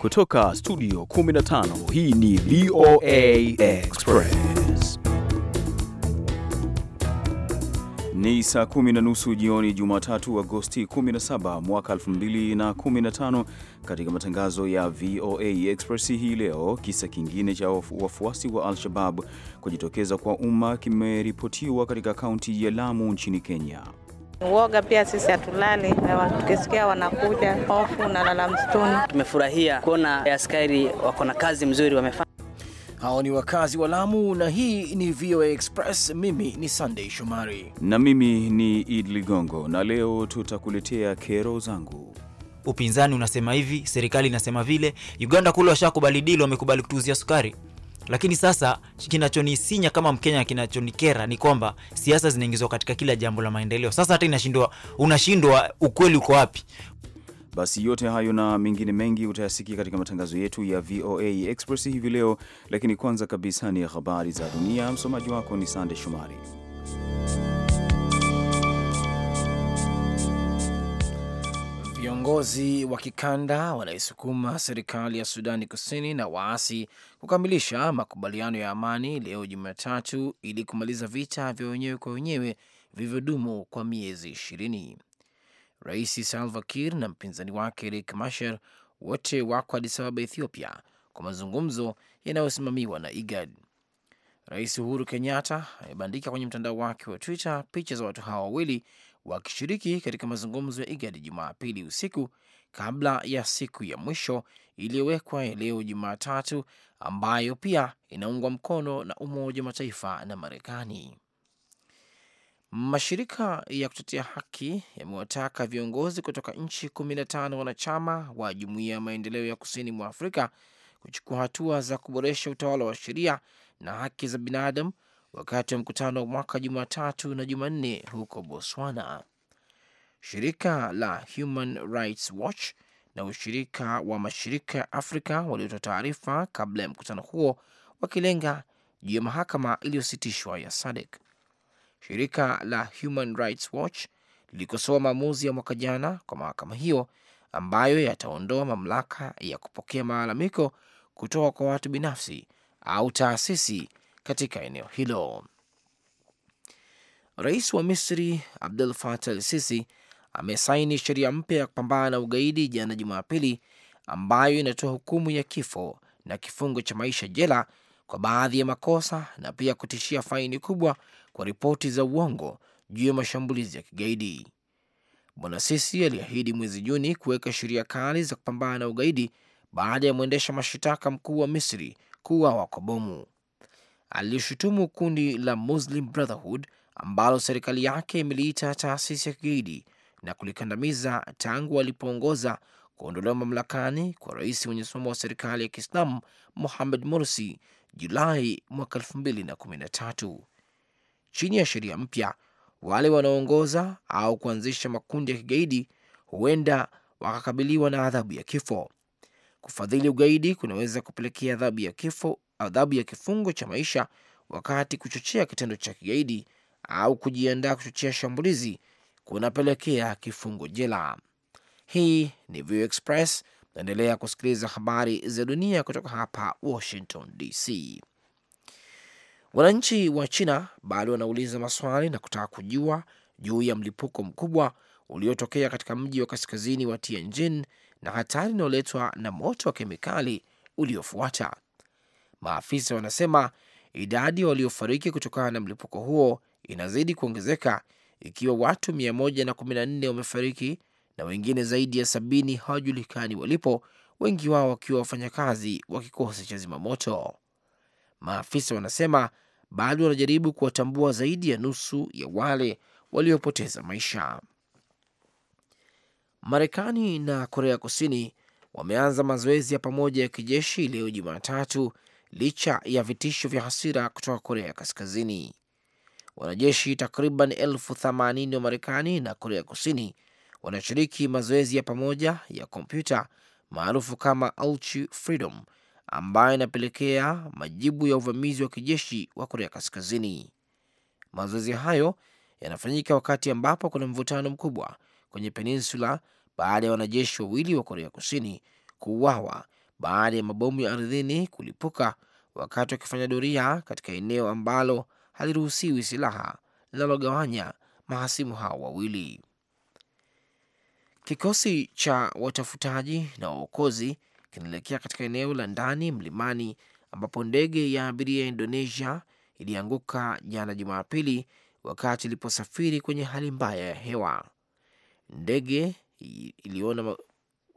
Kutoka studio 15 hii ni VOA Express. Ni saa kumi na nusu jioni Jumatatu, Agosti 17 mwaka 2015. Katika matangazo ya VOA Express hii leo, kisa kingine cha wafuasi wa Al-Shabab kujitokeza kwa umma kimeripotiwa katika kaunti ya Lamu nchini Kenya. Uoga pia sisi hatulali, tukisikia wanakuja hofu na lala msituni. Tumefurahia kuona askari wako na kazi mzuri wamefanya. Hao ni wakazi wa Lamu na hii ni VOA Express. Mimi ni Sunday Shomari na mimi ni id Ligongo, na leo tutakuletea kero zangu. Upinzani unasema hivi, serikali inasema vile. Uganda kule washakubali dili, wamekubali kutuuzia sukari lakini sasa kinachonisinya kama Mkenya, kinachonikera ni kwamba siasa zinaingizwa katika kila jambo la maendeleo. Sasa hata inashindwa, unashindwa ukweli uko wapi? Basi yote hayo na mengine mengi utayasikia katika matangazo yetu ya VOA Express hivi leo, lakini kwanza kabisa ni habari za dunia. Msomaji wako ni Sande Shumari. Viongozi wa kikanda wanaisukuma serikali ya Sudani Kusini na waasi kukamilisha makubaliano ya amani leo Jumatatu ili kumaliza vita vya wenyewe kwa wenyewe vilivyodumu kwa miezi ishirini. Rais Salva Kiir na mpinzani wake rik Masher wote wako Addis Ababa, Ethiopia, kwa mazungumzo yanayosimamiwa na IGAD. Rais Uhuru Kenyatta amebandika kwenye mtandao wake wa Twitter picha za watu hawa wawili wakishiriki katika mazungumzo ya IGAD Jumapili usiku kabla ya siku ya mwisho iliyowekwa leo Jumatatu, ambayo pia inaungwa mkono na Umoja wa Mataifa na Marekani. Mashirika ya kutetea haki yamewataka viongozi kutoka nchi kumi na tano wanachama wa Jumuiya ya Maendeleo ya Kusini mwa Afrika kuchukua hatua za kuboresha utawala wa sheria na haki za binadamu wakati wa mkutano wa mwaka Jumatatu na Jumanne huko Botswana. Shirika la Human Rights Watch na ushirika wa mashirika ya Afrika waliotoa taarifa kabla ya mkutano huo wakilenga juu ya mahakama iliyositishwa ya SADC. Shirika la Human Rights Watch lilikosoa maamuzi ya mwaka jana kwa mahakama hiyo ambayo yataondoa mamlaka ya kupokea malalamiko kutoka kwa watu binafsi au taasisi katika eneo hilo. Rais wa Misri Abdul Fatah al Sisi amesaini sheria mpya ya kupambana na ugaidi jana Jumapili, ambayo inatoa hukumu ya kifo na kifungo cha maisha jela kwa baadhi ya makosa na pia kutishia faini kubwa kwa ripoti za uongo juu ya mashambulizi ya kigaidi. Bwana Sisi aliahidi mwezi Juni kuweka sheria kali za kupambana na ugaidi baada ya mwendesha mashitaka mkuu wa Misri kuuawa kwa bomu alishutumu kundi la Muslim Brotherhood ambalo serikali yake imeliita taasisi ya kigaidi na kulikandamiza tangu alipoongoza kuondolewa mamlakani kwa rais mwenye msimamo wa serikali ya Kiislamu Mohamed Morsi Julai mwaka 2013. Chini ya sheria mpya, wale wanaoongoza au kuanzisha makundi ya kigaidi huenda wakakabiliwa na adhabu ya kifo. Kufadhili ugaidi kunaweza kupelekea adhabu ya kifo adhabu ya kifungo cha maisha wakati kuchochea kitendo cha kigaidi au kujiandaa kuchochea shambulizi kunapelekea kifungo jela. Hii ni View Express. Naendelea kusikiliza habari za dunia kutoka hapa Washington DC. Wananchi wa China bado wanauliza maswali na kutaka kujua juu ya mlipuko mkubwa uliotokea katika mji wa kaskazini wa Tianjin na hatari inayoletwa na moto wa kemikali uliofuata. Maafisa wanasema idadi waliofariki kutokana na mlipuko huo inazidi kuongezeka ikiwa watu 114 wamefariki na wengine zaidi ya sabini hawajulikani walipo, wengi wao wakiwa wafanyakazi wa kikosi cha zimamoto. Maafisa wanasema bado wanajaribu kuwatambua zaidi ya nusu ya wale waliopoteza maisha. Marekani na Korea Kusini wameanza mazoezi ya pamoja ya kijeshi leo Jumatatu licha ya vitisho vya hasira kutoka Korea Kaskazini. Wanajeshi takriban elfu themanini wa Marekani na Korea Kusini wanashiriki mazoezi ya pamoja ya kompyuta maarufu kama Ulchi Freedom ambayo inapelekea majibu ya uvamizi wa kijeshi wa Korea Kaskazini. Mazoezi hayo yanafanyika wakati ambapo kuna mvutano mkubwa kwenye peninsula baada ya wanajeshi wawili wa Korea Kusini kuuawa baada ya mabomu ya ardhini kulipuka wakati wakifanya doria katika eneo ambalo haliruhusiwi silaha linalogawanya mahasimu hao wawili. Kikosi cha watafutaji na waokozi kinaelekea katika eneo la ndani mlimani ambapo ndege ya abiria ya Indonesia ilianguka jana Jumapili wakati iliposafiri kwenye hali mbaya ya hewa. Ndege iliona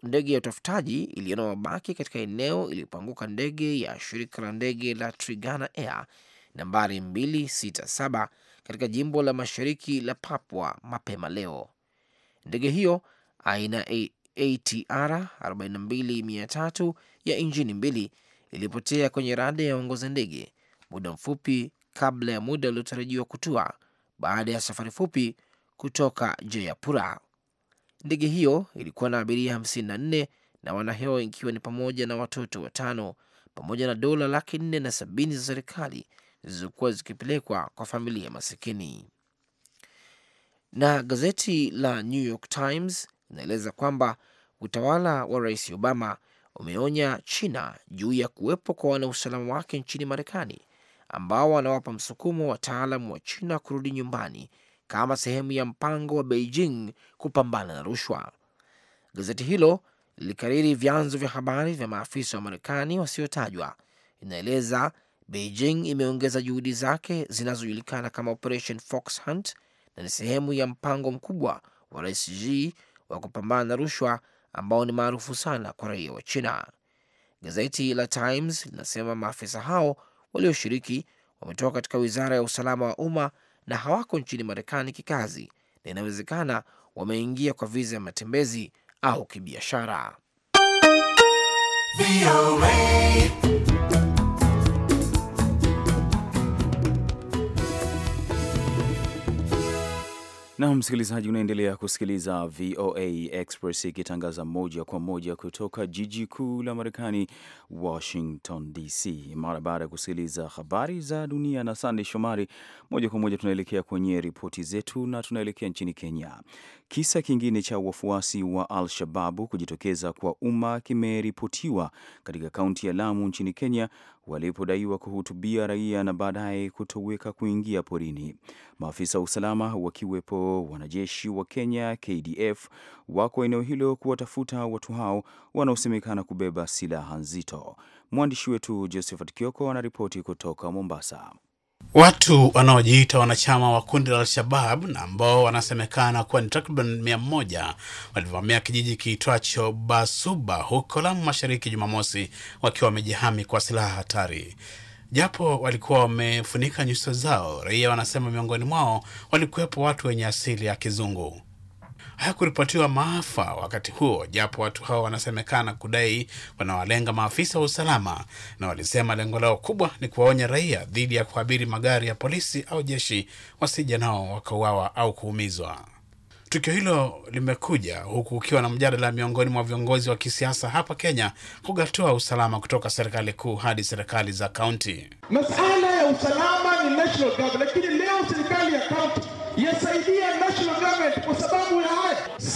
ndege ya utafutaji iliona mabaki katika eneo iliyopanguka ndege ya shirika la ndege la Trigana Air nambari 267 katika jimbo la mashariki la Papua mapema leo. Ndege hiyo aina ATR 423 ya injini mbili ilipotea kwenye rada ya ongoza ndege muda mfupi kabla ya muda uliotarajiwa kutua baada ya safari fupi kutoka Jayapura. Ndege hiyo ilikuwa na abiria 54 na wanahewa ikiwa ni pamoja na watoto watano pamoja na dola laki nne na sabini za serikali zilizokuwa zikipelekwa kwa familia masikini. Na gazeti la New York Times linaeleza kwamba utawala wa Rais Obama umeonya China juu ya kuwepo kwa wanausalama wake nchini Marekani ambao wanawapa msukumo wataalamu wa China kurudi nyumbani kama sehemu ya mpango wa Beijing kupambana na rushwa. Gazeti hilo lilikariri vyanzo vya habari vya maafisa wa Marekani wasiotajwa. Inaeleza Beijing imeongeza juhudi zake zinazojulikana kama Operation Fox Hunt na ni sehemu ya mpango mkubwa wa Rais Xi wa kupambana na rushwa ambao ni maarufu sana kwa raia wa China. Gazeti la Times linasema maafisa hao walioshiriki wametoka katika wizara ya usalama wa umma na hawako nchini Marekani kikazi na inawezekana wameingia kwa viza ya matembezi au kibiashara. Na msikilizaji, unaendelea kusikiliza VOA Express ikitangaza moja kwa moja kutoka jiji kuu la Marekani, Washington DC. Mara baada ya kusikiliza habari za dunia na Sandey Shomari, moja kwa moja tunaelekea kwenye ripoti zetu na tunaelekea nchini Kenya. Kisa kingine cha wafuasi wa Al-Shababu kujitokeza kwa umma kimeripotiwa katika kaunti ya Lamu nchini Kenya walipodaiwa kuhutubia raia na baadaye kutoweka kuingia porini. Maafisa wa usalama wakiwepo wanajeshi wa Kenya KDF wako eneo hilo kuwatafuta watu hao wanaosemekana kubeba silaha nzito. Mwandishi wetu Josephat Kioko anaripoti kutoka Mombasa. Watu wanaojiita wanachama wa kundi la Al-Shabab na ambao wanasemekana kuwa ni takriban mia moja walivamia kijiji kiitwacho Basuba huko Lamu Mashariki Jumamosi wakiwa wamejihami kwa silaha hatari. Japo walikuwa wamefunika nyuso zao, raia wanasema miongoni mwao walikuwepo watu wenye asili ya kizungu hakuripotiwa maafa wakati huo, japo watu hao wanasemekana kudai wanawalenga maafisa wa usalama, na walisema lengo lao kubwa ni kuwaonya raia dhidi ya kuabiri magari ya polisi au jeshi, wasija nao wakauawa au kuumizwa. Tukio hilo limekuja huku ukiwa na mjadala miongoni mwa viongozi wa kisiasa hapa Kenya kugatua usalama kutoka serikali kuu hadi serikali za kaunti. Masala ya usalama ni national government, lakini leo serikali ya kaunti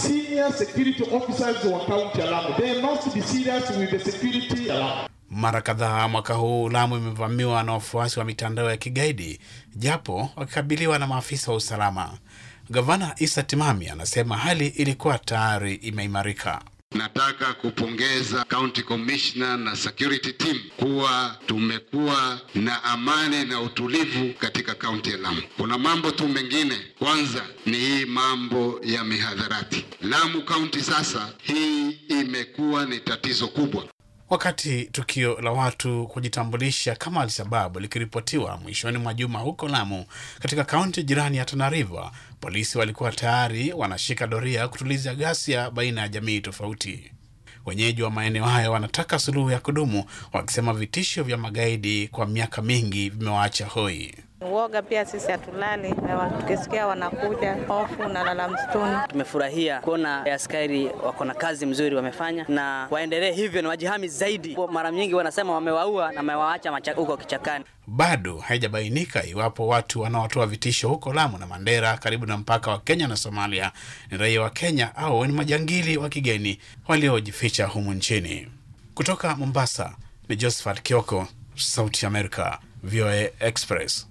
senior security officers wa kaunti ya Lamu. They must be serious with the security ya Lamu. Mara kadhaa mwaka huu Lamu imevamiwa na wafuasi wa mitandao ya kigaidi, japo wakikabiliwa na maafisa wa usalama. Gavana Isa Timami anasema hali ilikuwa tayari imeimarika. Nataka kupongeza County Commissioner na security team kuwa tumekuwa na amani na utulivu katika kaunti ya Lamu. Kuna mambo tu mengine, kwanza ni hii mambo ya mihadharati. Lamu County sasa hii imekuwa ni tatizo kubwa. Wakati tukio la watu kujitambulisha kama Alshababu likiripotiwa mwishoni mwa juma huko Lamu, katika kaunti jirani ya Tana River, polisi walikuwa tayari wanashika doria kutuliza ghasia baina ya jamii tofauti. Wenyeji wa maeneo hayo wanataka suluhu ya kudumu, wakisema vitisho vya magaidi kwa miaka mingi vimewaacha hoi. Uoga pia sisi hatulali, tukisikia wanakuja hofu na lala msituni. Tumefurahia kuona askari wako na kazi mzuri wamefanya, na waendelee hivyo na wajihami zaidi. Mara nyingi wanasema wamewaua na wamewaacha huko kichakani. Bado haijabainika iwapo watu wanaotoa vitisho huko Lamu na Mandera, karibu na mpaka wa Kenya na Somalia, ni raia wa Kenya au ni majangili wa kigeni waliojificha humu nchini. Kutoka Mombasa ni Josephat Kioko, Sauti ya Amerika, VOA Express.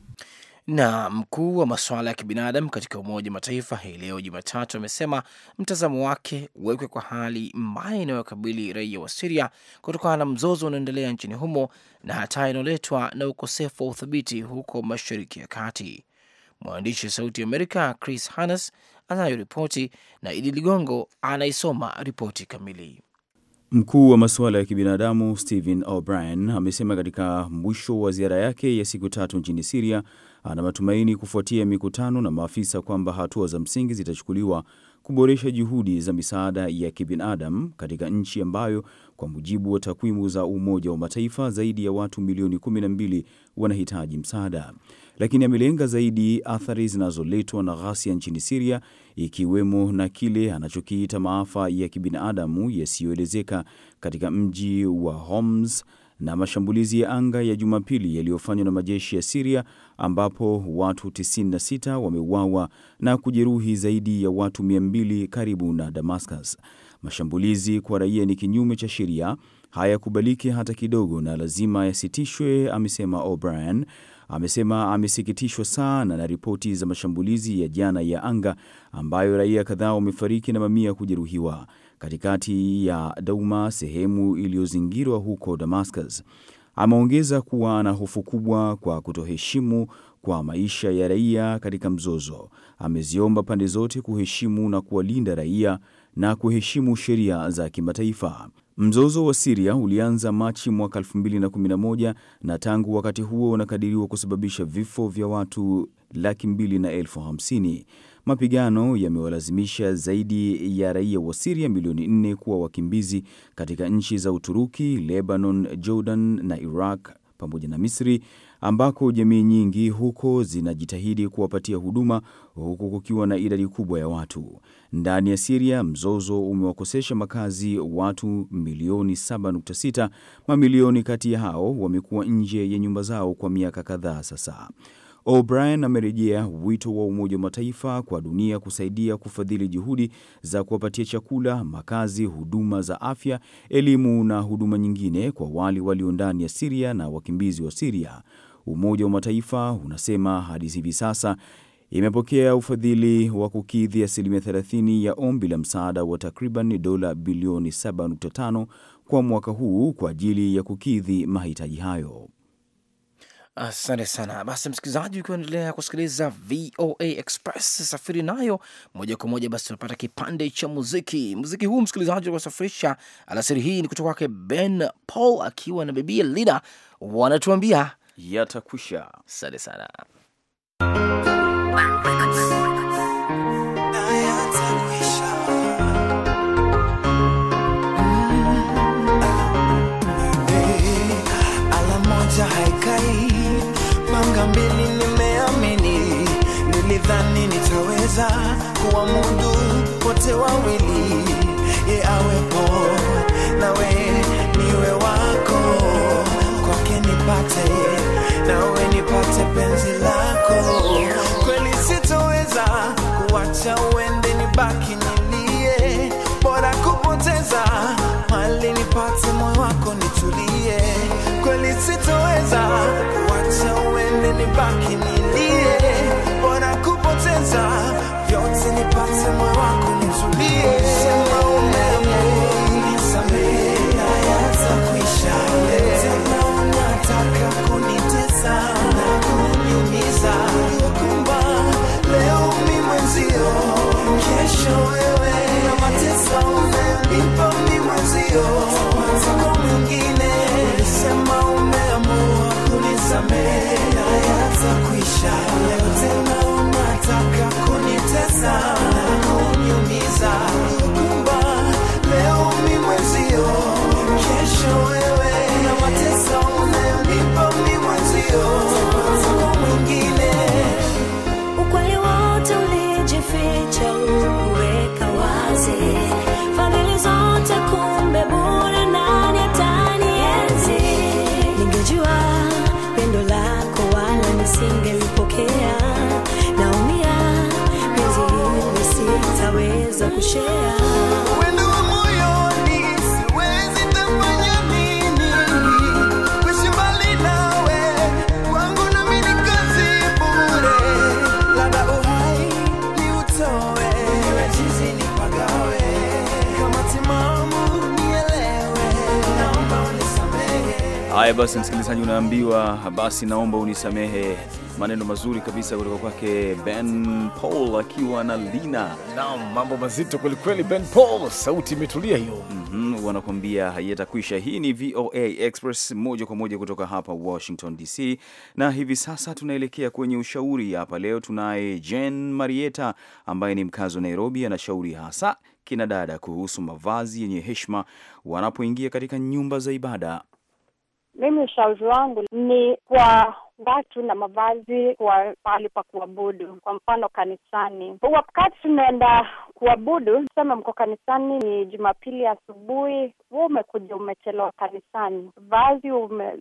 Na mkuu wa masuala ya kibinadamu katika Umoja wa Mataifa hii leo Jumatatu amesema mtazamo wake uwekwe kwa hali mbaya inayokabili raia wa Siria kutokana na mzozo unaoendelea nchini humo na hatari inayoletwa na ukosefu wa uthabiti huko Mashariki ya Kati. Mwandishi wa Sauti ya Amerika Chris Hannes anayoripoti na Idi Ligongo anaisoma ripoti kamili. Mkuu wa masuala ya kibinadamu Stephen O'Brien amesema katika mwisho wa ziara yake ya siku tatu nchini Siria ana ah, matumaini kufuatia mikutano na maafisa kwamba hatua za msingi zitachukuliwa kuboresha juhudi za misaada ya kibinadamu katika nchi ambayo kwa mujibu wa takwimu za Umoja wa Mataifa zaidi ya watu milioni 12 wanahitaji msaada, lakini amelenga zaidi athari zinazoletwa na ghasia nchini Siria, ikiwemo na kile anachokiita maafa ya kibinadamu yasiyoelezeka katika mji wa Homs na mashambulizi ya anga ya Jumapili yaliyofanywa na majeshi ya Siria ambapo watu 96 wameuawa na kujeruhi zaidi ya watu 200 karibu na Damascus. Mashambulizi kwa raia ni kinyume cha sheria, hayakubaliki hata kidogo na lazima yasitishwe, amesema O'Brien. Amesema amesikitishwa sana na ripoti za mashambulizi ya jana ya anga ambayo raia kadhaa wamefariki na mamia kujeruhiwa katikati ya Douma, sehemu iliyozingirwa huko Damascus. Ameongeza kuwa ana hofu kubwa kwa kutoheshimu kwa maisha ya raia katika mzozo. Ameziomba pande zote kuheshimu na kuwalinda raia na kuheshimu sheria za kimataifa. Mzozo wa Siria ulianza Machi mwaka 2011 na tangu wakati huo unakadiriwa kusababisha vifo vya watu laki mbili na elfu hamsini. Mapigano yamewalazimisha zaidi ya raia wa Siria milioni nne kuwa wakimbizi katika nchi za Uturuki, Lebanon, Jordan na Iraq pamoja na Misri ambako jamii nyingi huko zinajitahidi kuwapatia huduma huku kukiwa na idadi kubwa ya watu. Ndani ya Siria, mzozo umewakosesha makazi watu milioni 7.6. Mamilioni kati ya hao wamekuwa nje ya nyumba zao kwa miaka kadhaa sasa. O'Brien amerejea wito wa Umoja wa Mataifa kwa dunia kusaidia kufadhili juhudi za kuwapatia chakula, makazi, huduma za afya, elimu na huduma nyingine kwa wale walio ndani ya Siria na wakimbizi wa Siria. Umoja wa Mataifa unasema hadi hivi sasa imepokea ufadhili wa kukidhi asilimia 30 ya ombi la msaada wa takriban dola bilioni 7.5 kwa mwaka huu kwa ajili ya kukidhi mahitaji hayo. Asante sana. Basi msikilizaji, ukiwa kusikiliza VOA Express safiri nayo moja kwa moja, basi tunapata kipande cha muziki. Muziki huu msikilizaji akusafirisha alasiri hii ni kutoka kwake Ben Paul akiwa na bibia Lida, wanatuambia yatakwisha. Asante sana mundu wote wawili, ye awepo nawe niwe wako, kwake nipate nawe nipate penzi lako. Kweli sitoweza kuwacha uende, baki nilie, bora kupoteza mali nipate moyo wako nitulie. Kweli sitoweza kuwacha uende, ni baki nilie, bora kupoteza usinipatie moyo wangu nitulie basi msikilizaji, unaambiwa basi, naomba unisamehe. Maneno mazuri kabisa kutoka kwake Ben Paul akiwa na Lina. Naam, mambo mazito kwelikweli. Ben Paul, sauti imetulia hiyo. mm -hmm, wanakuambia haiyatakwisha. Hii ni VOA Express moja kwa moja kutoka hapa Washington DC, na hivi sasa tunaelekea kwenye ushauri. Hapa leo tunaye Jen Marieta ambaye ni mkazi wa Nairobi, anashauri hasa kinadada kuhusu mavazi yenye heshima wanapoingia katika nyumba za ibada. Mimi ushauri wangu ni kwa watu na mavazi kwa pahali pa kuabudu. Kwa mfano kanisani, wakati tunaenda kuabudu, sema mko kanisani, ni Jumapili asubuhi, hu umekuja umechelewa kanisani, vazi ume,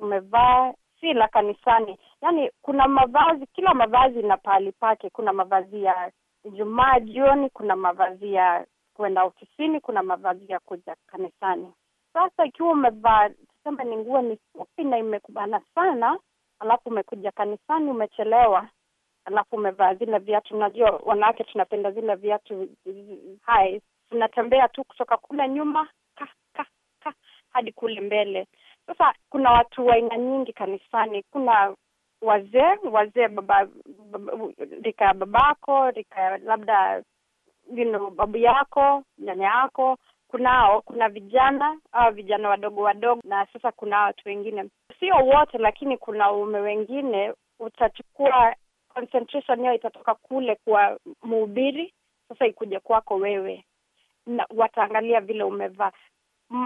umevaa si la kanisani. Yani kuna mavazi, kila mavazi na pahali pake. Kuna mavazi ya Ijumaa jioni, kuna mavazi ya kuenda ofisini, kuna mavazi ya kuja kanisani. Sasa ikiwa umevaa kama ni nguo ni fupi na imekubana sana, alafu umekuja kanisani umechelewa, alafu umevaa vile viatu. Unajua wanawake tunapenda vile viatu hai tunatembea tu kutoka kule nyuma ka, ka, ka, hadi kule mbele. Sasa kuna watu wa aina nyingi kanisani. Kuna wazee wazee, baba, baba, rika ya babako, rika ya labda you know, babu yako, nyanya yako kunao, kuna vijana au ah, vijana wadogo wadogo, na sasa kuna watu wengine, sio wote, lakini kuna ume wengine utachukua concentration yao itatoka kule kwa muubiri sasa ikuja kwako wewe, na wataangalia vile umevaa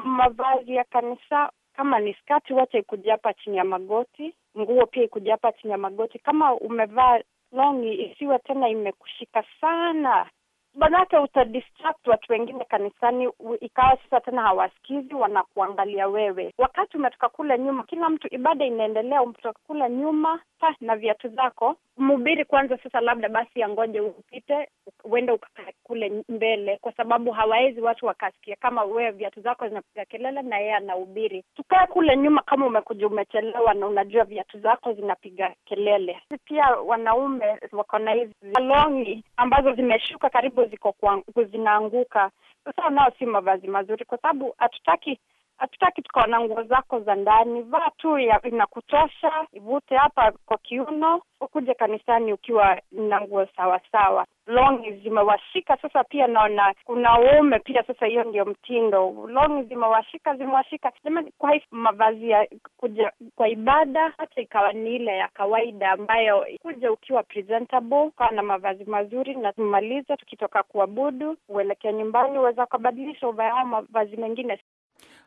mavazi ya kanisa. Kama ni skati, wacha ikuja hapa chini ya magoti. Nguo pia ikuja hapa chini ya magoti. Kama umevaa longi, isiwe tena imekushika sana manake utadistract watu wengine kanisani, ikawa sasa tena hawasikizi, wanakuangalia wewe. Wakati umetoka kule nyuma, kila mtu ibada inaendelea, umetoka kule nyuma, na viatu zako. Mhubiri kwanza, sasa labda basi yangoje upite, uende ukakae kule mbele, kwa sababu hawawezi watu wakasikia kama wewe viatu zako zinapiga kelele na yeye anahubiri. Tukae kule nyuma kama umekuja umechelewa na unajua viatu zako zinapiga kelele. Pia wanaume wako na hizi ambazo zimeshuka karibu ziko kwa, zinaanguka. Sasa nao si mavazi mazuri, kwa sababu hatutaki hatutaki tukaona nguo zako za ndani, vaa tu inakutosha, ivute hapa kwa kiuno, ukuje kanisani ukiwa na nguo sawasawa, longi zimewashika. Sasa pia naona kuna uume pia, sasa hiyo ndio mtindo, longi zimewashika, zimewashika. Jamani, kwa mavazi ya kuja kwa ibada, hata ikawa ni ile ya kawaida ambayo kuja ukiwa presentable, ukawa na mavazi mazuri, na tumalize tukitoka kuabudu, uelekea nyumbani, uweza ukabadilisha uvaa mavazi mengine.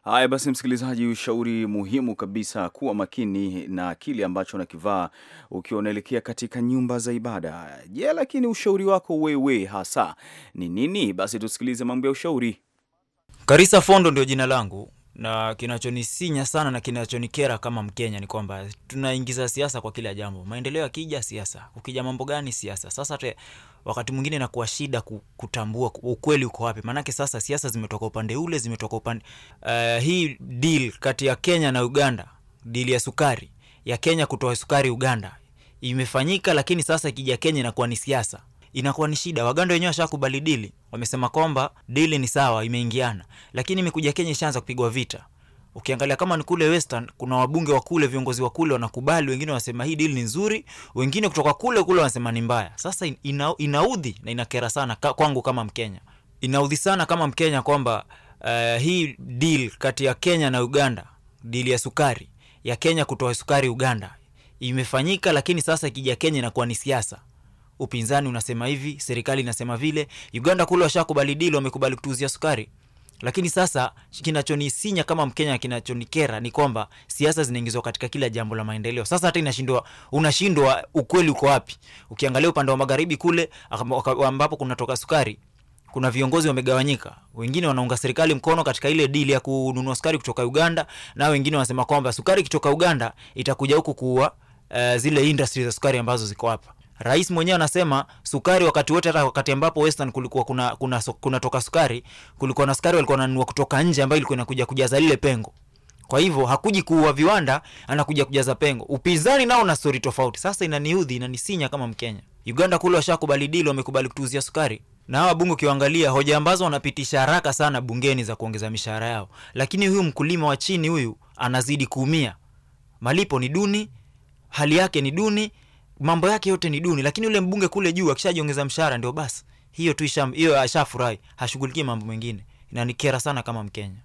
Haya basi, msikilizaji, ushauri muhimu kabisa, kuwa makini na kile ambacho unakivaa ukiwa unaelekea katika nyumba za ibada. Je, lakini ushauri wako wewe hasa ni nini? Basi tusikilize mambo ya ushauri. Karisa Fondo ndio jina langu na kinachonisinya sana na kinachonikera kama Mkenya ni kwamba tunaingiza siasa kwa kila jambo. Maendeleo yakija siasa, ukija mambo gani siasa. Sasa te, wakati mwingine inakuwa shida kutambua ukweli uko wapi, maanake sasa siasa zimetoka upande ule, zimetoka upande uh, hii dl kati ya Kenya na Uganda, deal ya sukari ya Kenya kutoa sukari Uganda imefanyika, lakini sasa ikija Kenya inakuwa ni siasa inakuwa ni shida. Waganda wenyewe washakubali dili, wamesema kwamba dili ni sawa, imeingiana, lakini imekuja Kenya ishaanza kupigwa vita. Ukiangalia kama ni kule Western, kuna wabunge wa kule, viongozi wa kule wanakubali, wengine wanasema hii dili ni nzuri, wengine kutoka kule kule wanasema ni mbaya. Sasa ina, inaudhi na inakera sana kwangu kama Mkenya, inaudhi sana kama Mkenya kwamba uh, hii deal kati ya Kenya na Uganda, dili ya sukari ya Kenya kutoa sukari Uganda imefanyika, lakini sasa ikija Kenya inakuwa ni siasa upinzani unasema hivi, serikali inasema vile. Uganda kule washakubali dili, wamekubali kutuuzia sukari. Lakini sasa kinachonisinya kama Mkenya, kinachonikera ni kwamba siasa zinaingizwa katika kila jambo la maendeleo. Sasa hata inashindwa, unashindwa ukweli uko wapi? Ukiangalia upande wa magharibi kule ambapo kunatoka sukari kuna viongozi wamegawanyika, wengine wanaunga serikali mkono katika ile dili ya kununua sukari kutoka Uganda, na wengine wanasema kwamba sukari kutoka Uganda itakuja huku kuua uh, zile industry za sukari ambazo ziko hapa. Rais mwenyewe anasema sukari wakati wote, hata wakati ambapo Western kulikuwa kuna kuna kuna toka sukari, kulikuwa na sukari walikuwa wananunua kutoka nje, ambayo ilikuwa inakuja kujaza lile pengo. Kwa hivyo hakuji kuua viwanda, anakuja kujaza pengo. Upinzani nao na stori tofauti. Sasa inaniudhi, inanisinya kama Mkenya. Uganda kule washakubali dili, wamekubali kutuuzia sukari na hawa bunge ukiwaangalia, hoja ambazo wanapitisha haraka sana bungeni za kuongeza mishahara yao, lakini huyu mkulima wa chini huyu anazidi kuumia. Malipo ni duni, hali yake ni duni, mambo yake yote ni duni, lakini yule mbunge kule juu akishajiongeza mshahara ndio basi, hiyo tu hiyo ashafurahi, hashughulikie mambo mengine. Inanikera sana kama Mkenya.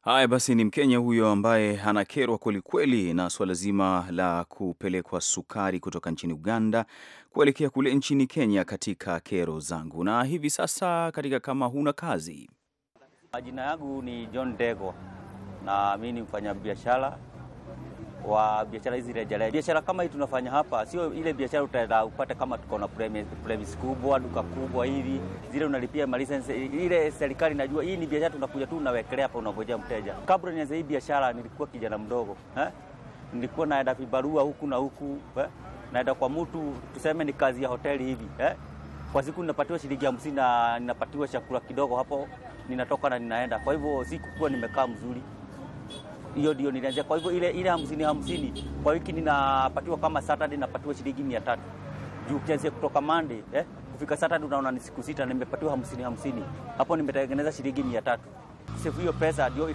Haya basi, ni Mkenya huyo ambaye anakerwa kwelikweli na suala zima la kupelekwa sukari kutoka nchini Uganda kuelekea kule nchini Kenya, katika kero zangu. Na hivi sasa katika kama huna kazi, majina yangu ni John Dego na mi ni mfanyabiashara wa biashara hizi rejelea. Biashara kama hii tunafanya hapa sio ile biashara utaenda upate kama tuko na premise kubwa, duka kubwa hivi, zile unalipia malisense, ile serikali najua. Hii ni biashara tunakuja tu unawekelea hapa, unavojea mteja. Kabla nianze hii biashara nilikuwa kijana mdogo eh? nilikuwa naenda vibarua huku na huku eh? naenda kwa mtu tuseme ni kazi ya hoteli hivi eh? kwa siku ninapatiwa shilingi hamsini na ninapatiwa chakula kidogo hapo, ninatoka na ninaenda. Kwa hivyo sikukuwa nimekaa mzuri hiyo ndio nilianzia. Kwa hivyo ile ile hamsini hamsini kwa wiki ninapatiwa kama Saturday napatiwa shilingi mia tatu juu ukianzia kutoka Monday eh, kufika Saturday unaona ni siku sita, nimepatiwa hamsini hamsini hapo nimetengeneza shilingi mia tatu Sefu hiyo pesa ndio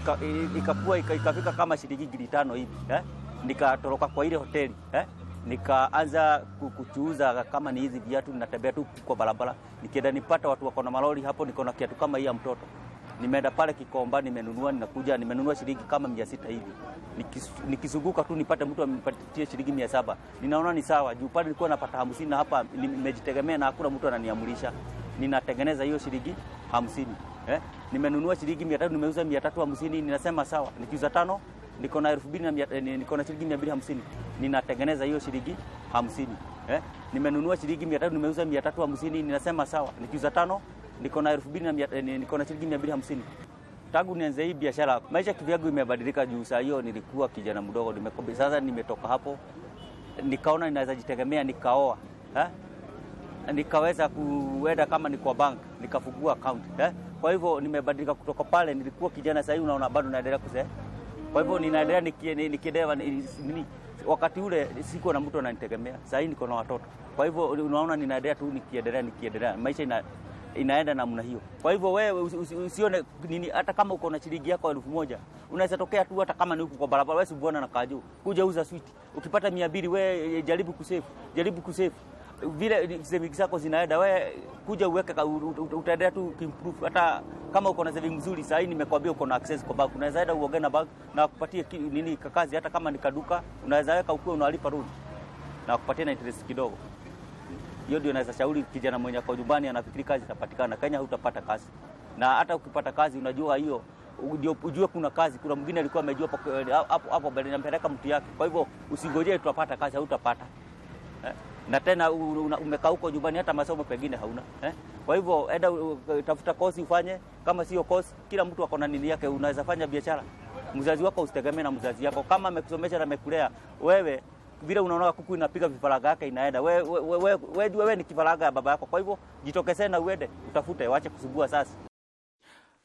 ikakua ikafika kama shilingi gili tano hivi eh? Nikatoroka kwa ile hoteli eh? Nikaanza kuchuuza kama ni hizi viatu, ninatembea tu kwa barabara, nikienda nipata watu wako na malori hapo, niko na kiatu kama hii ya mtoto nimeenda pale Kikomba, nimenunua, ninakuja, nimenunua shilingi kama mia sita hivi. nikizunguka tu nipate mtu amenipatie shilingi mia saba ninaona ni sawa, juu pale nilikuwa napata hamsini na hapa nimejitegemea na hakuna mtu ananiamulisha, ninatengeneza hiyo shilingi hamsini. Eh, nimenunua shilingi mia tatu nimeuza mia tatu hamsini ninasema sawa, nikiuza tano niko na elfu mbili na eh, niko na shilingi mia mbili hamsini ninatengeneza hiyo shilingi hamsini. Eh, nimenunua shilingi mia tatu nimeuza mia tatu hamsini ninasema sawa, nikiuza tano niko na elfu mbili na eh, niko na shilingi mia mbili hamsini. Tangu nianze hii biashara, maisha kivyangu imebadilika juu. Saa hiyo nilikuwa kijana mdogo, nimekobe Sasa nimetoka hapo, nikaona ninaweza jitegemea, nikaoa eh? nikaweza kuenda kama ni kwa bank, nikafungua account eh? Kwa hivyo nimebadilika kutoka pale nilikuwa kijana, sasa hivi unaona bado naendelea kuzee. Kwa hivyo ninaendelea nikiendelea nini, wakati ule siko na mtu ananitegemea, sasa hivi niko na watoto. Kwa hivyo unaona ninaendelea tu nikiendelea nikiendelea, maisha ina inaenda namna hiyo. Kwa hivyo wewe usione nini, hata kama uko na shilingi yako elfu moja unaweza tokea tu, hata kama ni huko kwa barabara, wewe bwana na kaju kuja uza switi, ukipata 200 wewe eh, jaribu kusefu, jaribu kusefu vile eh, savings zako zinaenda, we kuja uweke, utaendelea tu kuimprove. Hata kama uko na savings nzuri, saa hii nimekwambia uko na access kwa bank, unaweza enda uoge na bank na kupatia nini kakazi, hata kama ni kaduka unaweza weka, ukiwa unalipa rudi na kupatia na interest kidogo. Hiyo ndio naweza shauri kijana mwenye kwa nyumbani anafikiri kazi itapatikana. Kenya hutapata kazi, na hata ukipata kazi unajua hiyo ndio ujue kuna kazi. Kuna mwingine alikuwa amejua hapo eh, hapo, bali nampeleka mtu yake. Kwa hivyo usingojee tutapata kazi, hautapata eh? na tena umekaa huko nyumbani, hata masomo pengine hauna eh? Kwa hivyo enda tafuta kosi ufanye, kama sio kosi, kila mtu ako na nini yake. Unaweza fanya biashara. Mzazi wako usitegemee na mzazi yako, kama amekusomesha na amekulea wewe vile unaona kuku inapiga vifaranga yake inaenda. We, we, we, we, we, we ni kifaranga ya baba yako, kwa hivyo jitokezee na uende utafute, wache kusumbua sasa.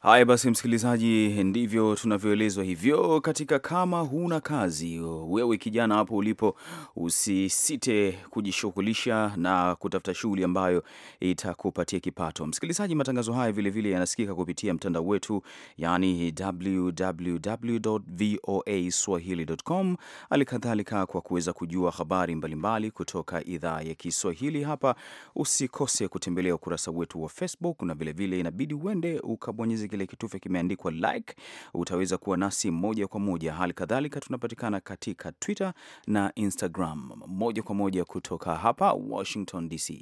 Haya basi, msikilizaji, ndivyo tunavyoelezwa hivyo katika. Kama huna kazi wewe, kijana hapo ulipo, usisite kujishughulisha na kutafuta shughuli ambayo itakupatia kipato. Msikilizaji, matangazo haya vilevile yanasikika kupitia mtandao wetu, yani www.voaswahili.com, hali kadhalika kwa kuweza kujua habari mbalimbali kutoka idhaa ya Kiswahili hapa, usikose kutembelea ukurasa wetu wa Facebook na vilevile inabidi uende ukabonyeze kile kitufe kimeandikwa like, utaweza kuwa nasi moja kwa moja. Hali kadhalika tunapatikana katika Twitter na Instagram moja kwa moja kutoka hapa Washington DC.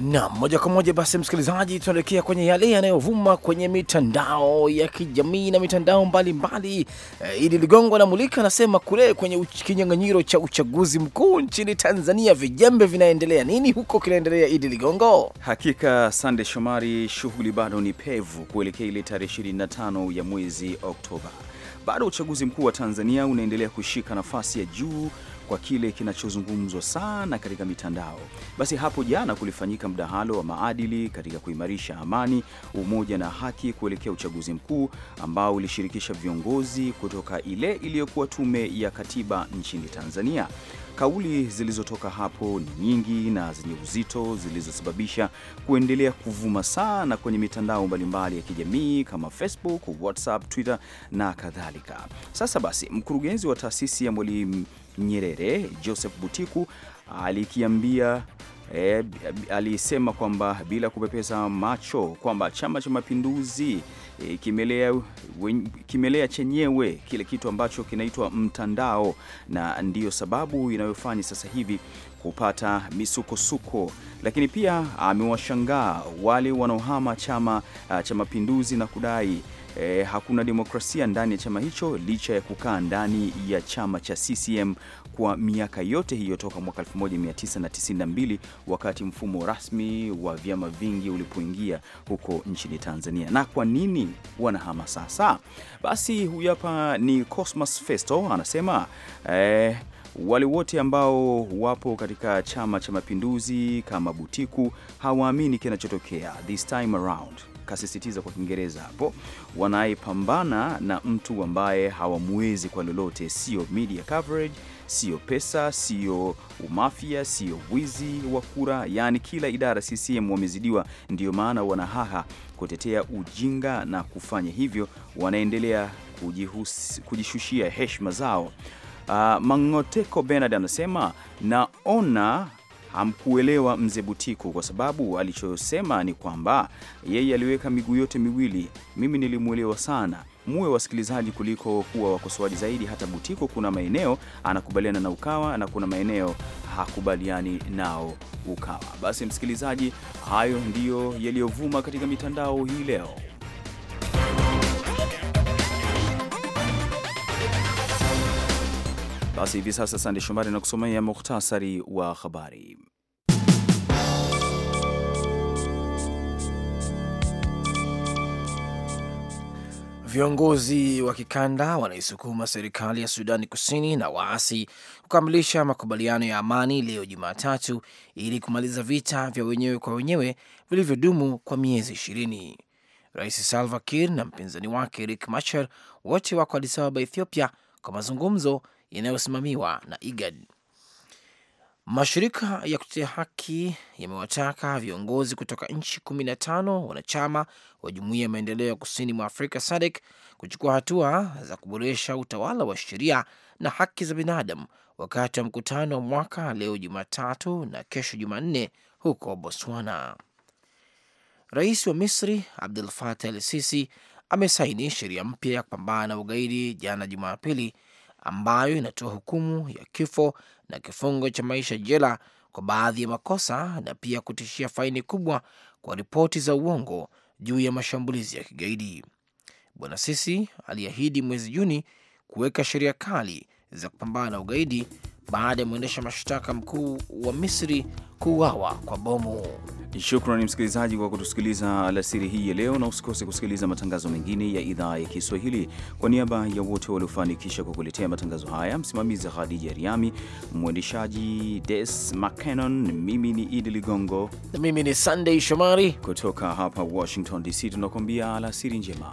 na moja kwa moja basi, msikilizaji, tunaelekea kwenye yale yanayovuma kwenye mitandao ya kijamii na mitandao mbalimbali. E, Idi Ligongo anamulika, anasema kule kwenye kinyang'anyiro cha uchaguzi mkuu nchini Tanzania vijembe vinaendelea. Nini huko kinaendelea, Idi Ligongo? Hakika Sande Shomari, shughuli bado ni pevu kuelekea ile tarehe 25 ya mwezi Oktoba. Bado uchaguzi mkuu wa Tanzania unaendelea kushika nafasi ya juu kwa kile kinachozungumzwa sana katika mitandao. Basi hapo jana kulifanyika mdahalo wa maadili katika kuimarisha amani, umoja na haki kuelekea uchaguzi mkuu ambao ulishirikisha viongozi kutoka ile iliyokuwa tume ya katiba nchini Tanzania. Kauli zilizotoka hapo ni nyingi na zenye uzito zilizosababisha kuendelea kuvuma sana kwenye mitandao mbalimbali ya kijamii kama Facebook, WhatsApp, Twitter na kadhalika. Sasa basi, mkurugenzi wa taasisi ya Mwalimu Nyerere, Joseph Butiku alikiambia E, alisema kwamba bila kupepesa macho kwamba Chama cha Mapinduzi e, kimelea, kimelea chenyewe kile kitu ambacho kinaitwa mtandao, na ndiyo sababu inayofanya sasa hivi kupata misukosuko. Lakini pia amewashangaa wale wanaohama Chama eh, cha Mapinduzi na kudai E, hakuna demokrasia ndani ya chama hicho licha ya kukaa ndani ya chama cha CCM kwa miaka yote hiyo toka mwaka 1992 wakati mfumo rasmi wa vyama vingi ulipoingia huko nchini Tanzania. Na kwa nini wanahama sasa? Basi huyu hapa ni Cosmas Festo anasema e, wale wote ambao wapo katika Chama cha Mapinduzi kama Butiku hawaamini kinachotokea this time around kasisitiza kwa Kiingereza hapo, wanayepambana na mtu ambaye hawamwezi kwa lolote, sio media coverage, sio pesa, sio umafia, sio wizi wa kura. Yaani kila idara CCM wamezidiwa, ndio maana wanahaha kutetea ujinga, na kufanya hivyo wanaendelea kujishushia heshima zao. Uh, Mang'oteko Benard anasema naona amkuelewa mzee Butiku kwa sababu alichosema ni kwamba yeye aliweka miguu yote miwili. Mimi nilimwelewa sana. Muwe wasikilizaji kuliko kuwa wakosoaji zaidi. Hata Butiku kuna maeneo anakubaliana na Ukawa na kuna maeneo hakubaliani nao Ukawa. Basi msikilizaji, hayo ndiyo yaliyovuma katika mitandao hii leo. Basi hivi sasa Sande Shomari na kusomea muhtasari wa habari. Viongozi wa kikanda wanaisukuma serikali ya Sudani Kusini na waasi kukamilisha makubaliano ya amani leo Jumatatu ili kumaliza vita vya wenyewe kwa wenyewe vilivyodumu kwa miezi ishirini. Rais Salva Kiir na mpinzani wake Rik Machar wote wako adisababa Ethiopia, kwa mazungumzo yanayosimamiwa na IGAD. Mashirika ya kutetea haki yamewataka viongozi kutoka nchi kumi na tano wanachama wa jumuiya ya maendeleo ya kusini mwa Afrika SADC kuchukua hatua za kuboresha utawala wa sheria na haki za binadamu wakati wa mkutano wa mwaka leo Jumatatu na kesho Jumanne huko Botswana. Rais wa Misri Abdul Fatah Al Sisi amesaini sheria mpya ya kupambana na ugaidi jana Jumapili ambayo inatoa hukumu ya kifo na kifungo cha maisha jela kwa baadhi ya makosa na pia kutishia faini kubwa kwa ripoti za uongo juu ya mashambulizi ya kigaidi. Bwana Sisi aliahidi mwezi Juni kuweka sheria kali za kupambana na ugaidi baada ya mwendesha mashtaka mkuu wa Misri kuuawa kwa bomu. Shukrani msikilizaji kwa kutusikiliza alasiri hii ya leo, na usikose kusikiliza matangazo mengine ya idhaa ya Kiswahili. Kwa niaba ya wote waliofanikisha kukuletea matangazo haya, msimamizi Khadija Riami, mwendeshaji Des Mcanon, mimi ni Idi Ligongo na mimi ni sandey Shomari kutoka hapa Washington DC, tunakuambia alasiri njema.